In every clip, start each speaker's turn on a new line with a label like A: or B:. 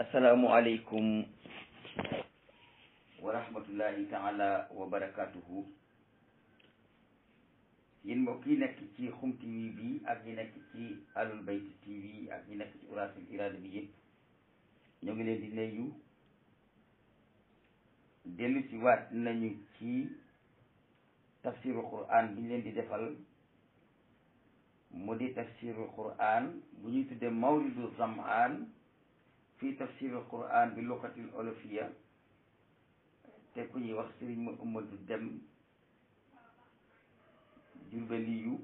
A: asalaamualeykum wa rahmatullahi taala wa barakatuhu yéen mbokk yi nekk ci xum tv bi ak ñi nekk ci alul bayt tv ak ñi nekk ci uraasil iraada bi yëpp ñoo ngi leen di nuyu dellu ci waat nañu ci tafsiru quran bi ñu leen di defal mu di tafsiru quran bu ñuy tudde mawridu zamaan fii tafsirul quran bi luqatil olofiya te ku ñuy wax sëriñ ma umadu dem jurbeliyu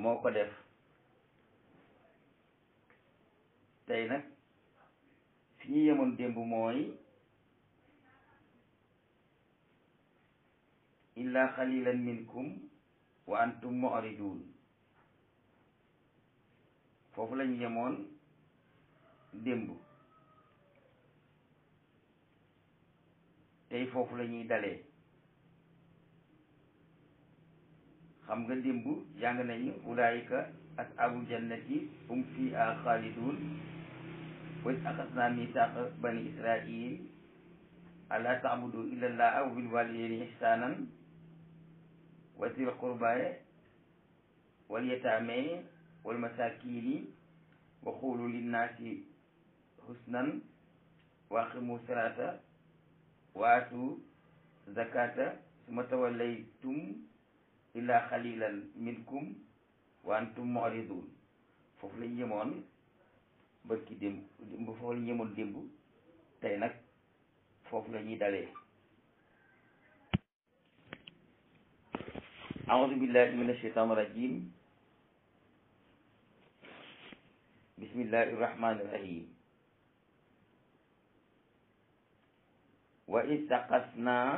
A: moo ko def tey nag fi ñu yemoon démb mooy illa xalilan minkum wa antum mu'ridun foofu lañu yemoon démb tey foofu la ñuy dalee xam nga démb jàng nañu ulaayika ashabul jannati hum fiha xaalidun wa axadna mitaaqa bani israil ala taabudu illa allaha wa bilwalidaini ihsanan wa zil qurbaye walyataame walmasakini wa qulu linnaasi husnan waqimu salata waatu zakata suma tawallaytum illa xalilan minkum wa antum muridun foofu lañ yemoon bërki démb foofu lañ yemoon démb tey nag foofu la ñuy dalee aoudu billahi min ashaitan irajim bismillahi irrahmani irrahim wa istaqas naa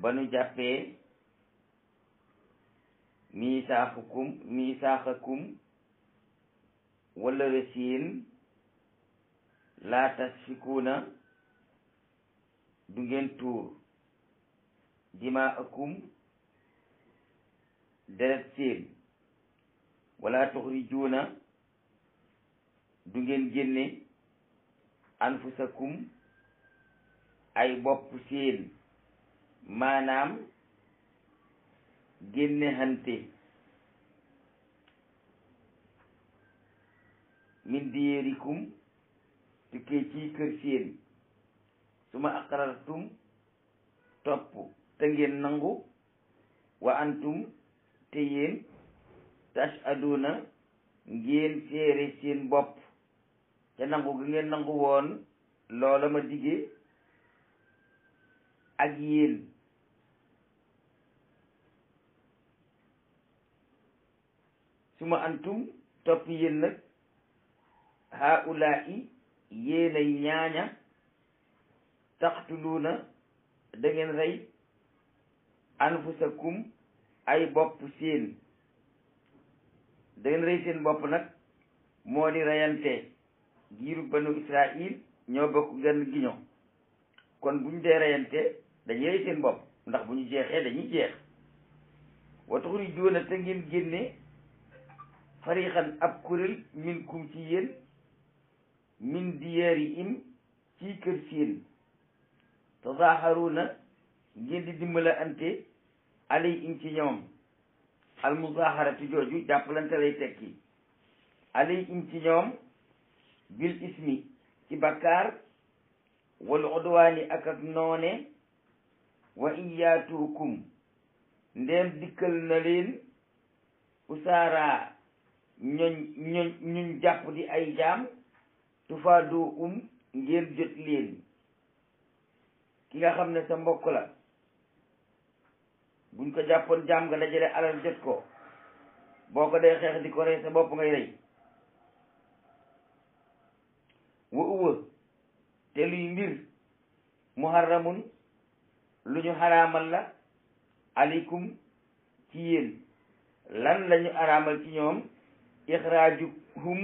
A: ba nu jàppee miisaaxakum miisaaxakum wala rësiin laa tasfikuuna du ngeen tuur dimaakum deret seen wala tuxrijuuna du ngeen génne anfusakum ay bopp seen maanaam génne hante min tukkee ci kër seen suma aqrartum topp te ngeen nangu wa antum te yéen tashaduna ngeen seere seen bopp te nangu gi ngeen nangu woon loola ma dige ak yéen su ma antum topp yéen nag haulaa'i yéen ay ñaaña taxtuluuna da ngeen rey anfusakum ay bopp seen da rey seen bopp nag moo di reyante giiru banu israil ñoo bokk genn giño kon buñ dee reyante dañuy rey seen bopp ndax bu ñu jeexee dañuy jeex wa taxuri joona te ngeen génne farixan ab kuréel min kum ci yéen min diyaari im ci kër seen tazaaharuuna ngeen di dimbala ante alay im ci ñoom almuzaaharatu jooju jàppalante lay tekki alay im ci ñoom bil ismi ci bakkaar wal udwaani ak ak noone wa in yaatuukum ndeen dikkal na leen usaaraa ñoñ ñuñ jàpp di ay jaam tufaadoo um ngeen jot leen ki nga xam ne sa mbokk la buñ ko jàppoon jaam nga dajale alal jot ko boo ko dee xeex di ko rey sa bopp ngay rey wa uwa te luy mbir muharramun lu ñu xaraamal la aleykum ci yéen lan lañu araamal ci ñoom ixraajuhum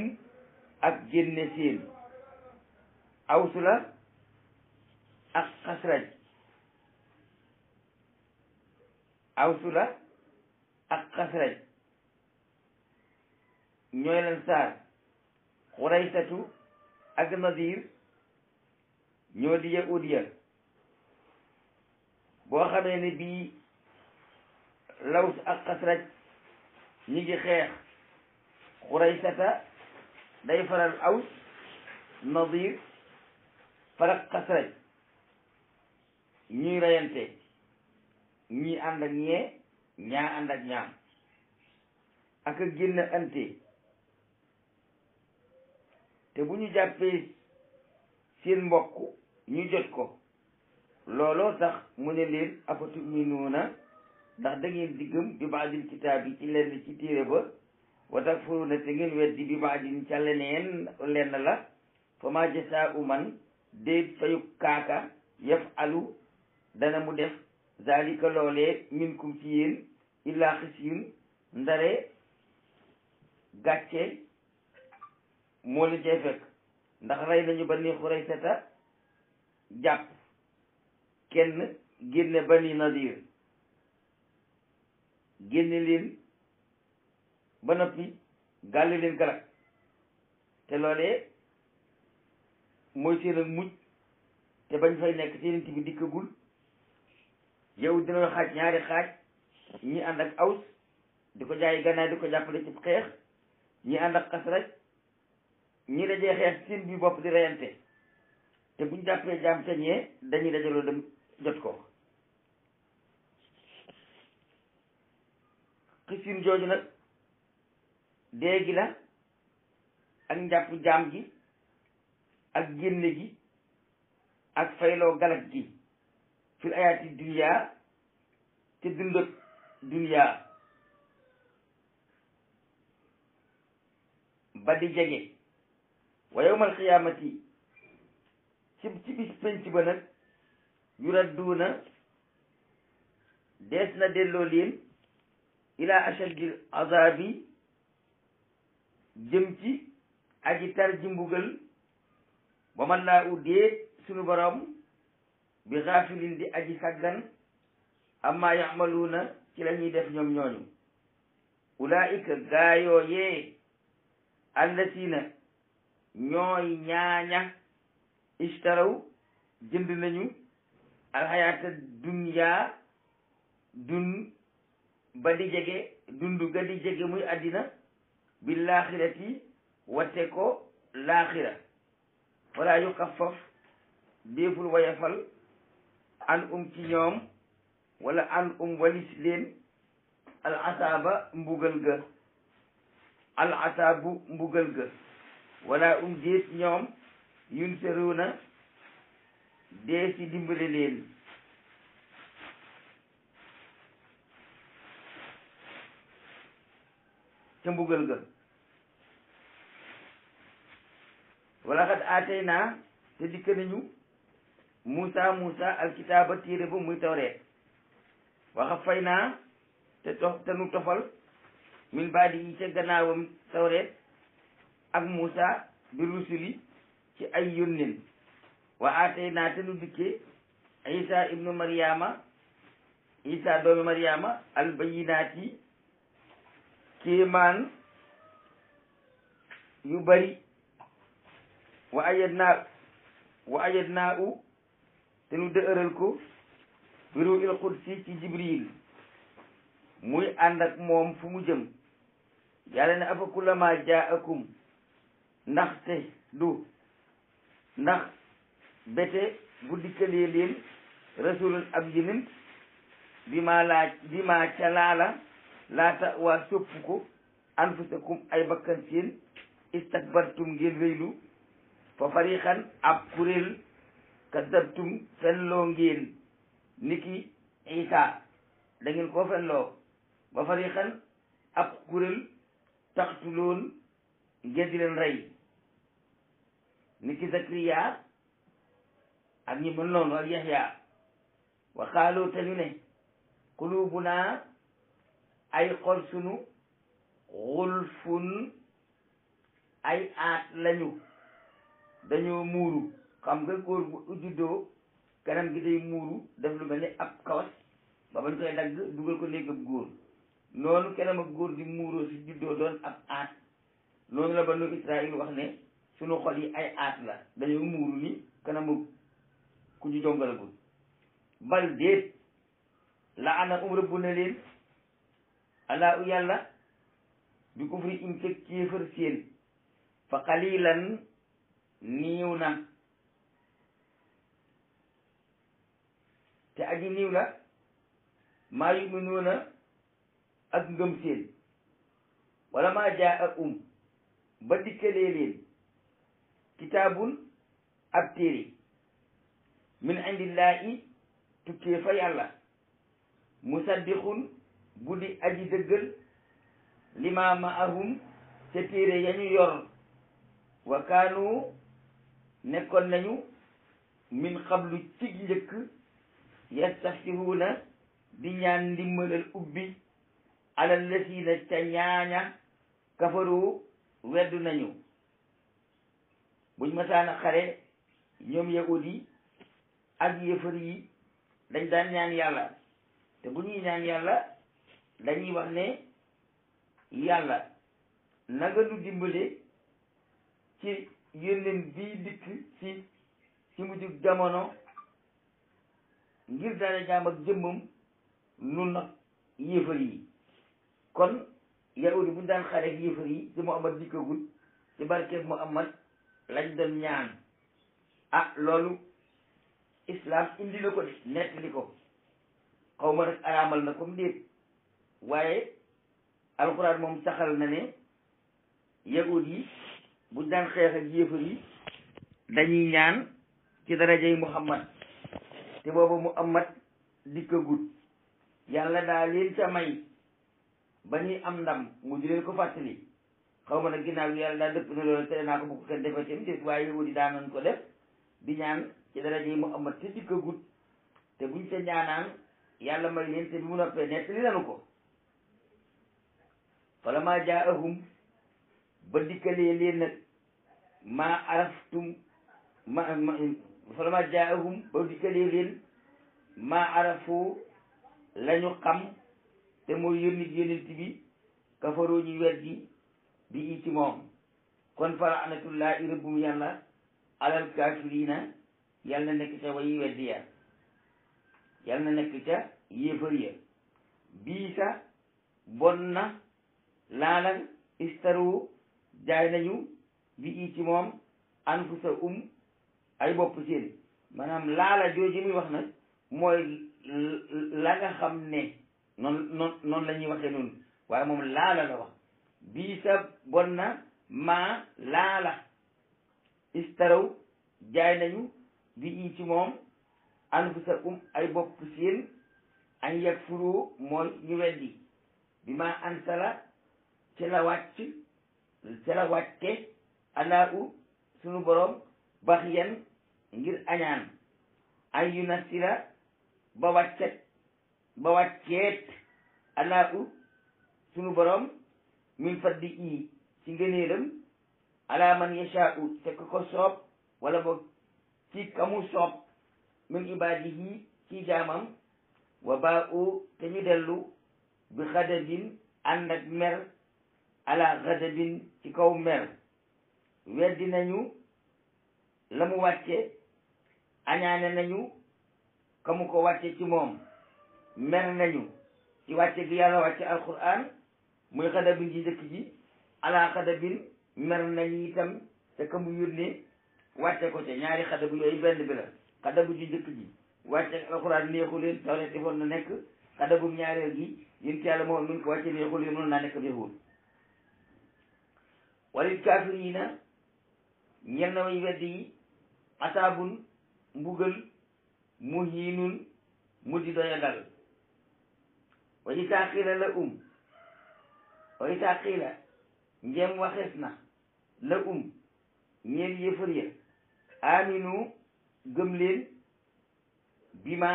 A: ak génne seen awsu la ak xasraj awsu la ak xasraj ñooy lan saar xuraysatu ak nazir ñoo di yahudiya boo xamee ne bii laws ak xasraj ñi ngi xeex xuraysata day faral aws nazir farak xasraj ñuy reyante ñii ànd ak ñee ñaa ànd ak ñaam ak a génn ante te bu ñu jàppee seen mbokk ñu jot ko looloo tax mu ne leen afatuminuuna ndax da ngeen di gëm bi kitaab yi ci lenn ci téere ba wa takfuruuna te ngeen weddi bi ca leneen lenn la fa ma jasaa'u man déet fayu kaaka yaf alu dana mu def zalika loolee minkum ci yéen illaa xisyun ndare gàcce moo leen cay fekk ndax rey nañu bani xuraysata jàpp kenn génne bani nadir génne leen ba noppi gàlle leen galak te loolee mooy seen ak mujj te bañ fay nekk seen bi dikkagul yow dina xaaj ñaari xaaj ñi ànd ak aws di ko jaay gannaay di ko jàppale ci xeex ñi ànd ak xasraj ñi dajee xeex seen bi bopp di reyante te buñ jàppee jaam sañee dañuy dajaloo dem jot ko xisin jooju nag dee gi la ak njàpp jaam gi ak génne gi ak fayloo galak gi fil ayaati duniyaa te dundot duniyaa ba di jege wa yawmal qiyaamati ci ci bis penc ba nag yu radduuna dees na delloo leen ila ashaddi azabi jëm ci aji tar ji mbugal ba man laa uddee sunu borom bi xaafilin di aji sàggan amma yaxmaluuna ci la def ñoom ñooñu ulaika gaayoo yee allatina ñooy ñaaña istaraw jënd nañu alxayaata dunya dun ba di jege dundu ga di jege muy àddina bi laaxirati watte ko laaxira wala yu xafaf déeful wayafal an um ci ñoom wala an um walis leen mbugal ga al mbugal ga wala um déet ñoom yun seruna dee ci dimbale leen ca mbugal ga wala xat aatay naa te dikk nañu Moussa Moussa alkitaaba téere ba muy tawreet waxa fay naa te tox te nu tofal min baadi yi ca gannaawam tawreet ak Moussa bi rusuli ci ay yónnin wa aataynaa te nu dikkee Isa ibnu Mariama Isa doomi Mariama albayinaati kéemaan yu bari wa ayadnaa wa ayadnaa u te nu dëëral ko bi ruuhil qudsi ci Jibril muy ànd ak moom fu mu jëm yàlla ne afa kullama jaakum ndaxte du ndax bete bu dikkalee leen rasulun ab yonent bi ma laaj ca laala laata wa sopp ko anfusakum ay bakkan seen istakbartum ngeen rëylu fa fariqan ab kuréel kadabtum fenloo ngeen niki isa da ngeen koo fenloo ba fariqan ab kuréel taxtuloon ngeen di leen rey ni ki Zakariya ak ñi mën noonu ak Yaxya wa te ñu ne qulubuna ay xol sunu xulfun ay aat lañu dañoo muuru xam nga góor bu juddoo kanam gi day muuru def lu mel ni ab kawas ba bañ koy dagg dugal ko néeg ab góor noonu kanam ak góor di muuroo si juddoo doon ab aat noonu la ba nu Israël wax ne sunu xol yi ay aat la dañoo muuru ni kanamu ku ñu jongalagul bal déet la ana um rëbb na leen alaa u yàlla bi kufri im ca kéefër seen fa qalilan niiw na te aji niiw na maa yuminuuna ak ngëm seen wala maa jaa a um ba dikkalee leen kitaabun ab téere min indillahi tukkee fa yàlla musaddiqun bu di aji dëggal lima maahum ca téere ya ñu yor wa nekkoon nañu min xablu ci njëkk yastaftihuna di ñaan ndimbalal ubbi alal lasiina ca ñaaña kafaru weddu nañu buñ mësaan a xare ñoom yahud yi ak yëfër yi dañ daan ñaan yàlla te bu ñuy ñaan yàlla dañuy wax ne yàlla na nga nu dimbale ci yónneen bii dikk ci ci mujjug jamono ngir dara jaam ak jëmmam nun nag yéefar yi kon yahudi buñu daan xare ak yéefar yi ci Muhammad dikkagul ci barkeeb Muhammad lañ doon ñaan ah loolu islam indi na ko di nettali ko xaw ma nag araamal na comme déet waaye alxuraan moom saxal na ne yahud yi bu daan xeex ak yéefar yi dañuy ñaan ci darajay muhammad te booba muhammad dikkagut yàlla daa leen ca may ba ñuy am ndam mu di leen ko fàttali xaw ma nag ginnaaw bi yàlla daal dëpp na loolu tere naa ko bu ko kenn defee tamit def waaye yahudi daanoon ko def di ñaan ci daraja yi Muhammad te dikkagut te buñ ca ñaanaan yàlla may leen te bi mu noppee nekk li nanu ko falammaa jaa'ahum ba dikkalee leen nag maa araftum ma falammaa jaa'ahum ba dikkalee leen maa arafu lañu xam te mooy yónni yónnent bi kafaroo ñu weddi bi ci moom kon falaanatullaahi rëbbum yàlla alal kaafiriina yal na nekk ca wayi weddi ya yal na nekk ca yéefar ya bii sa bon na laalal istaru jaay nañu bi i ci moom anfusa um ay bopp seen maanaam laala jooju muy wax nag mooy la nga xam ne noonu noonu noonu la ñuy waxee noonu waaye moom laala la wax bii sa bon na maa laala istaraw jaay nañu bi i ci moom anfusakum ay bopp seen an yakfuru mooy ñu weddi bi ma ansala ci la ci la wàcce alaa sunu borom baxyan ngir añaan an yu nasira ba wàccet ba wàcceet alaa sunu borom min fadlihi ci ngëneelam ala man yashaau te ku ko soob wala boog ci kamu soob min ibaadihi ci jaamam wa baau te ñu dellu bi xadabin ànd mer ala xadabin ci kaw mer weddi nañu la wàcce añaane nañu kamu ko wàcce ci moom mer nañu ci wàcce gi yàlla wàcce alquran muy xadabin ji jëkk ji alaa xadabin mer nañu itam te ka mu yónnee wàcce ko ca ñaari xadabu yooyu benn bi la xadabu ji jëkk ji wàcce alxuraan neexu leen tawreet defoon na nekk xadabu ñaareel gi yéen ci yàlla moom mi ngi ko wàcce neexu leen noonu naa nekk neexul walil kaafiriina ñel na way weddi yi asaabun mbugal muhiinun mu di doya dal wa yi saa xiila la um wa itaa qiila waxees na la um ñeel yëfër ya aminu gëm leen bima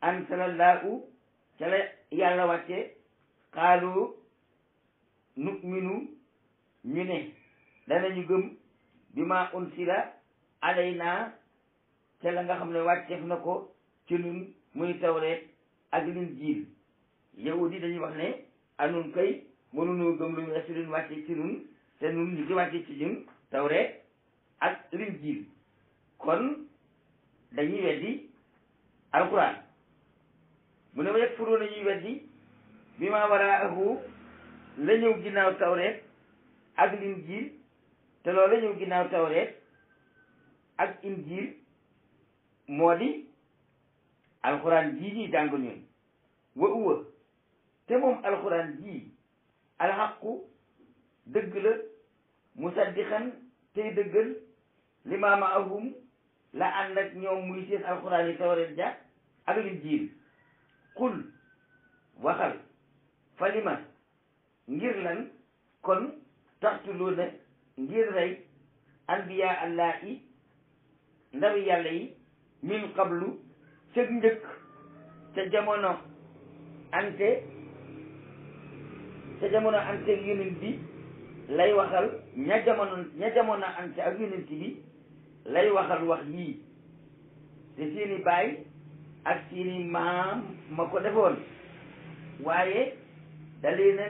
A: ansalallahu ca la yàlla wàcce xaalu nu'minu ñu ne danañu gëm bima unsila alayna ca la nga xam ne wàcceef na ko ci nun muy tawreet ak lin jiil yahudi dañuy wax ne anun kay mënuñu gëm lu ñu si luñ wàcce ci ñun te ñun ñu ngi wàcce ci ñun tawreet ak linjiil kon dañuy weddi alquran mu ne wa yakfuruuna ñuy weddi bi ma waraahu la ñëw ginnaaw tawreet ak linjiil te loolu la ñëw ginnaaw tawreet ak injiil moo di alquran jii ñuy jàng ñun wa uwa te moom alxuraan jii alxaqu dëgg la musaddixan tey dëggal limaama ahum la ànd ak ñoom muy seen alxuraan yi tawreet ja ak linjiil qul waxal falima ngir lan kon taxtuluuna ngir rey anbiyaa allah i yàlla yi min qablu cëg njëkk ca jamono ante ca jamono ante ak yonent bi lay waxal ña jamono ña jamono ante ak yonent bi lay waxal wax yii te seeni baay ak seeni maam ma ko defoon waaye da leen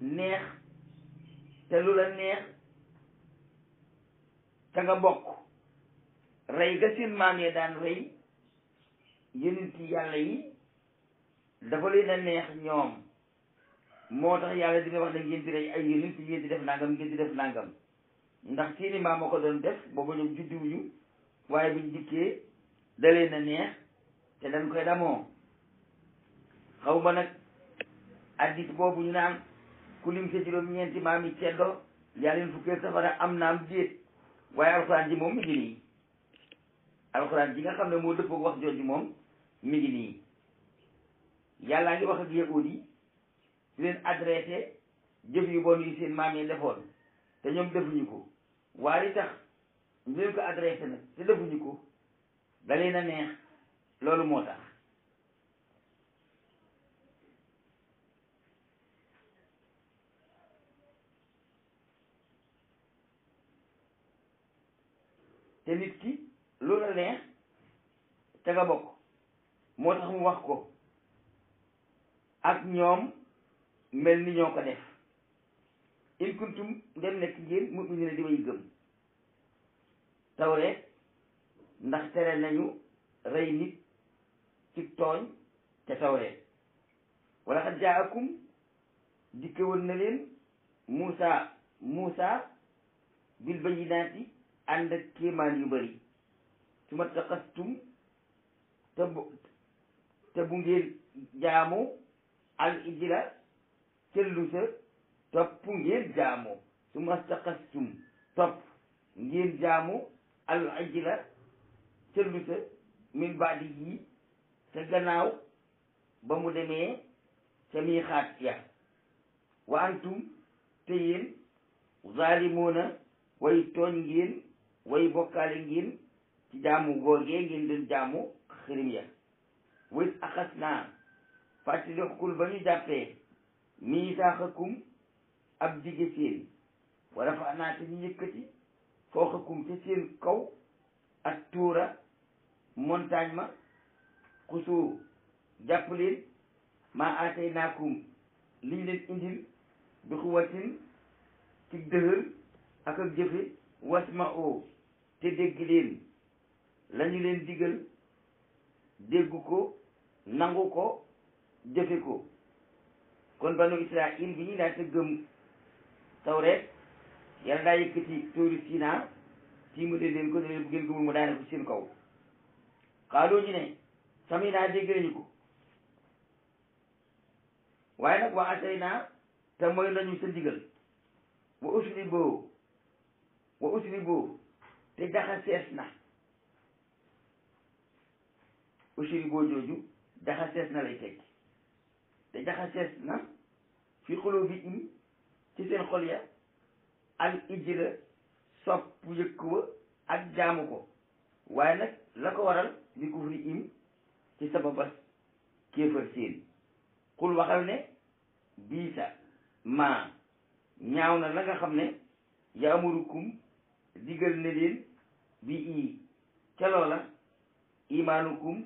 A: neex te lu la neex ca nga bokk rey ga seen maam ya daan rey yonent yàlla yi dafa leen a neex ñoom moo tax yàlla dina wax ne ngeen di rey ay yonent ngeen di def nangam ngeen di def nangam ndax seeni maam moo ko doon def booba ñoom juddiwuñu waaye buñ dikkee dalee na neex te dañ koy damoo xaw ma nag addis boobu ñu naan ku lim sa juróom-ñeenti maam yi ceddo yaa leen fukkee safara am naam déet waaye alxuraan ji moom mi ngi alxuraan ji nga xam ne moo dëppoo wax jooju moom mi ngi nii yàllaa wax ak yahuud di leen adressé jëf yu bon yi seen maam yi te ñoom defuñu ko waaye li tax ñu leen ko nag te defuñu ko da leen neex loolu moo tax te nit ki lu la neex te nga bokk moo tax mu wax ko ak ñoom mel ni ñoo ko def in kuntum ngeen nekk ngeen mu'minina di way gëm tawreet ndax tere nañu rey nit ci tooñ te tawreet wala xad jaakum dikkewoon na leen Muusa Muusa bil bayyinaati ànd ak kéemaan yu bëri su ma taqastum te bu te bu ngeen jaamu al cellu sa topp ngeen jaamu su mastaqastum topp ngeen jaamu al ajila sa min baadi yi sa gannaaw ba mu demee sa miixaat ya wa antum te yéen zaalimoona way tooñ ngeen way bokkaale ngeen ci jaamu googee ngeen doon jaamu xirim ya wit axas naa fàttali xul ba ñu jàppee miisaaxakum ab dige seen wala fa naate ñu yëkkati fooxakum ca seen kaw ak tuura montagne ma xusoo jàpp leen maa aatay naakum li ñu leen indil bi xuwatin ci dëhër ak ak jëfe wasma oo te dégg leen lañu leen digal dégg ko nangu ko jëfe ko kon banu israil bi ñu daata gëm tawreet yàlla daa yëkkati tuuri Sina tiimale leen ko ne leen bu ngeen gëmul mu daane ko seen kaw xaaloo ji ne sami naa dégg ko waaye nag waa naa te mooy lañu sa ndigal wa usri boo wa usri boo te jaxa sees na usri boo jooju jaxa sees na lay tekki te jaxasees na fi xulóobi i ci seen xol ya al ijla sopp yëkku ba ak jaamu ko waaye nag la ko waral bi kufri im ci sababas kéefër seen xul waxal ne biisa maa ñaaw na la nga xam ne yaamurukum digal ne leen bi i ca loola imaanukum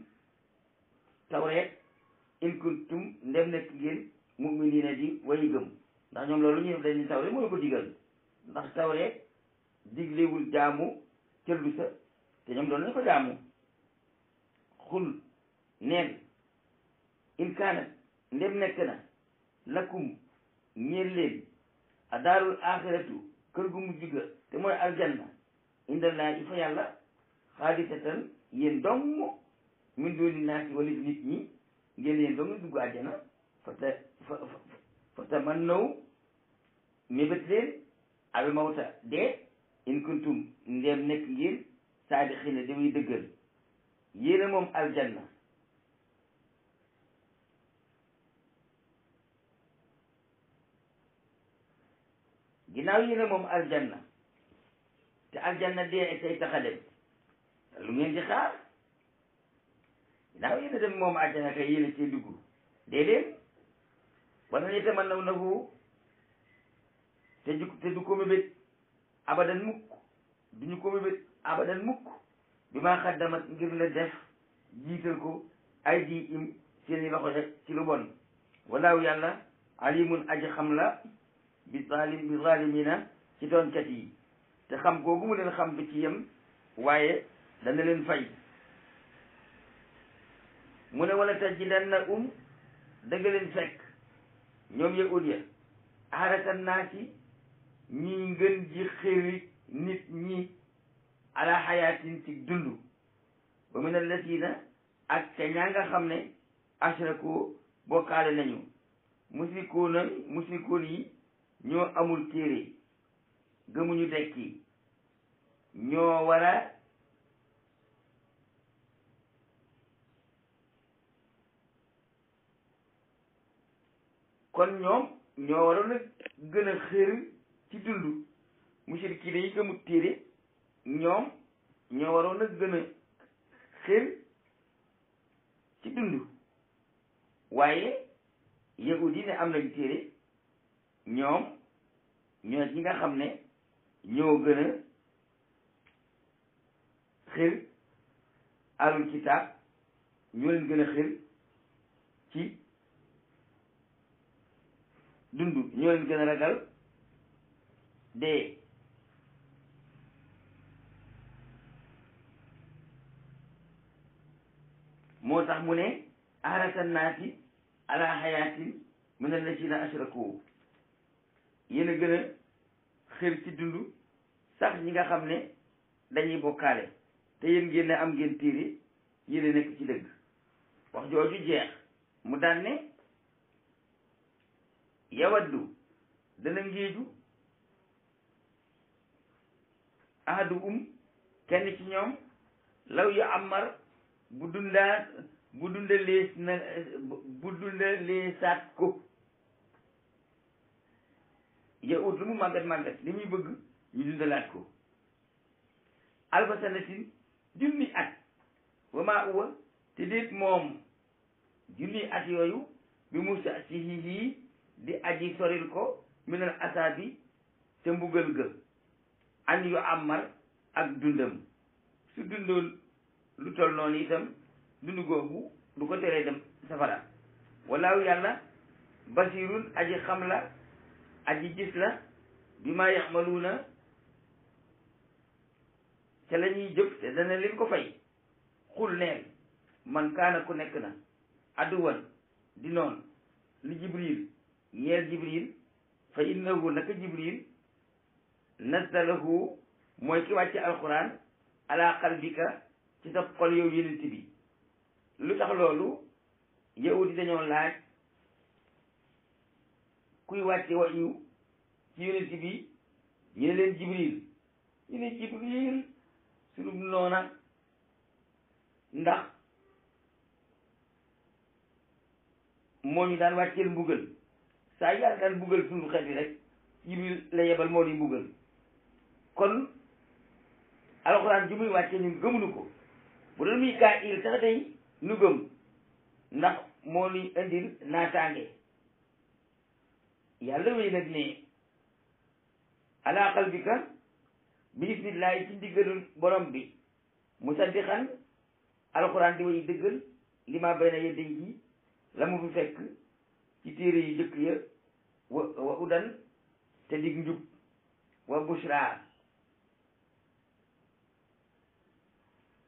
A: tawreet in kuntum ndem nekk ngeen muminina di ndax ñoom loolu ñu def dañuy tawre moo ko digal ndax tawre diglewul jaamu cëllu sa te ñoom doon nañ ko jaamu xul neen in ndem nekk na lakum ñeel leen a daarul kër gu mujj ga te mooy aljanna indallaahi fa yàlla xaalisatan yéen dong min dooni naasi walis nit ñi ngeen yéen ba muy dugg àjjana fa ta fa fa ta man naw leen al mawta dee in kuntum ndeem nekk ngeen saadixiina di muy dëggal yéen a moom aljanna ginnaaw yéen a moom aljanna te aljanna dee ak tay tax a dem lu ngeen di xaar ginnaaw yéen a dem moom àjjana kay yéen a cee dugg déedéet wala ñu taman naw nahu te du te du ko mébét abadan mukk duñu ko mébét abadan mukk bi maa xaddamat ngir la def jiital ko ay im seen i loxo rek ci lu bon walaaw yàlla alimun aji xam la bi zalim ci doonkat yi te xam googu mu leen xam bi ci yem waaye dana leen fay mu ne wala tajidannahum dëgg leen fekk ñoom yahud ya aaratan naa ci ñi gën ji xëri nit ñi ala xayaatin ci dund ba mu ne lasiina ak ca ñaa nga xam ne ashraku bokkaale nañu musrikuuna musrikuun yi ñoo amul téere gëmuñu dekki ñoo war kon ñoom ñoo waroon a gën a xër ci dund mushrikina yi gëmu téere ñoom ñoo waroon a gën a xër ci dund waaye yahudi ne am nañ téere ñoom ñoo ñi nga xam ne ñoo gën a xër alul kitaab ñoo leen gën a xër ci dund ñoo leen gën a ragal dee moo tax mu ne aarata naati ala xayaatin min allazina ashraku yéen a gën a xër ci dund sax ñi nga xam ne dañuy bokkaale te yéen ngeen am ngeen téere yéen a nekk ci dëgg wax jooju jeex mu daan ne yawaddu dana ngéeju ahadu um kenn ci ñoom law yu amar bu dundaa bu dundalee na bu dundalee saat ko ya lu mu màggat màggat li muy bëgg ñu dundalaat ko alfa sanatin junni at wa maa uwa te moom junni at yooyu bi mu sa si hii di aji soril ko minal asaabi te mbugal ga an yu amar ak dundam su dundoon lu tol noonu itam dundu googu du ko teree dem safara walaaw yàlla basirun aji xam la aji gis la bi ma yaxmaluuna ca la ñuy jëf te dana leen ko fay xul neen man kaana ku nekk na adduwan di noon li jibril ñeel jibril fa innahu naka jibril nazalahu mooy ki wàcce alquran ala qalbika ci sa xol yow yonent lu tax loolu yahudi dañoo laaj kuy wàcce wahyu ci yonent ñu ne leen jibril ñu ne jibril noona ndax moo ñu daan wàcceel mbugal saa yi yàlla daan buggal suñu xel yi rek la yebal moo di buggal kon alxuraan ju wàcce ñun gëmuñu ko bu doon muy kaa il sax day nu gëm ndax moo ni indil naataange yàlla wéy nag ne ala qalbika bi ismillahi ci ndiggalul borom bi musaddiqan alxuraan di way dëggal li ma bay na yeddañ ji la mu fi fekk ci téere yi jëkk ya wa wa udan te dig njub wa bushra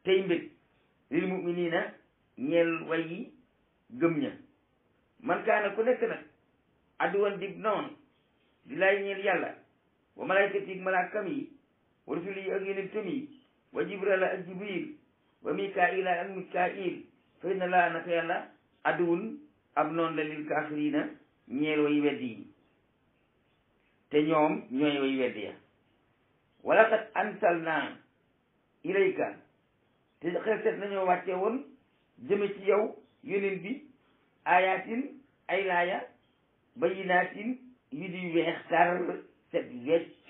A: tey mbég lil muminina ñeel way gëm ña man kaana ku nekk nag adduwan dig noon di laay ñeel yàlla wa malaykati yi malaakam yi wa rusuli yi ak yonentam yi wa jibrala ak jibril wa mikaila ak mikail fa inna laa naka yàlla adduwun ab noonu la lil kaafirina ñeel way yi te ñoom ñooy way ya wala kat ansal naa ilayka te xelset nañoo wàcce woon jëme ci yow yonent bi ayatin ay laaya bayinaatin yu di weex tar set wecc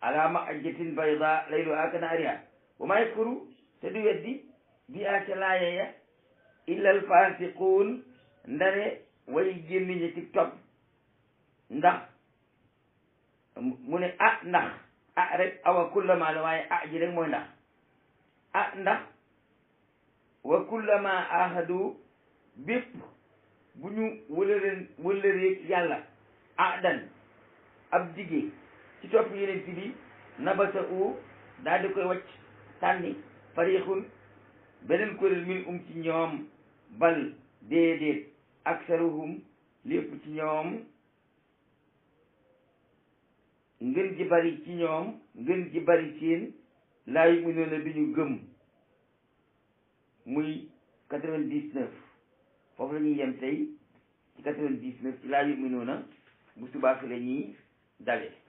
A: alaama ajjatin bayda layluhaa kanaarihaa wa maa yakfuru te du weddi bi aa ca laaya ya illal fasiquun ndare way génn ñi ci topp ndax mu ne ah ndax ah rek awa kullama la waaye ah ji rek mooy ndax ah ndax wa kullama ahadu bépp bu ñu wëlëreen wëlëreeg yàlla ahdan ab digee ci topp yeneen ti bi nabata u daal di koy wacc tànni fariqun beneen kuréel min um ci ñoom bal déedéet aksaruhum lépp ci ñoom ngën ji bari ci ñoom ngën ji bari seen laay mu noona bi ñu gëm muy quatre-vingt-dix-neuf foofu la yem tey ci quatre-vingt-dix-neuf ci laay mu noona bu subaak la dale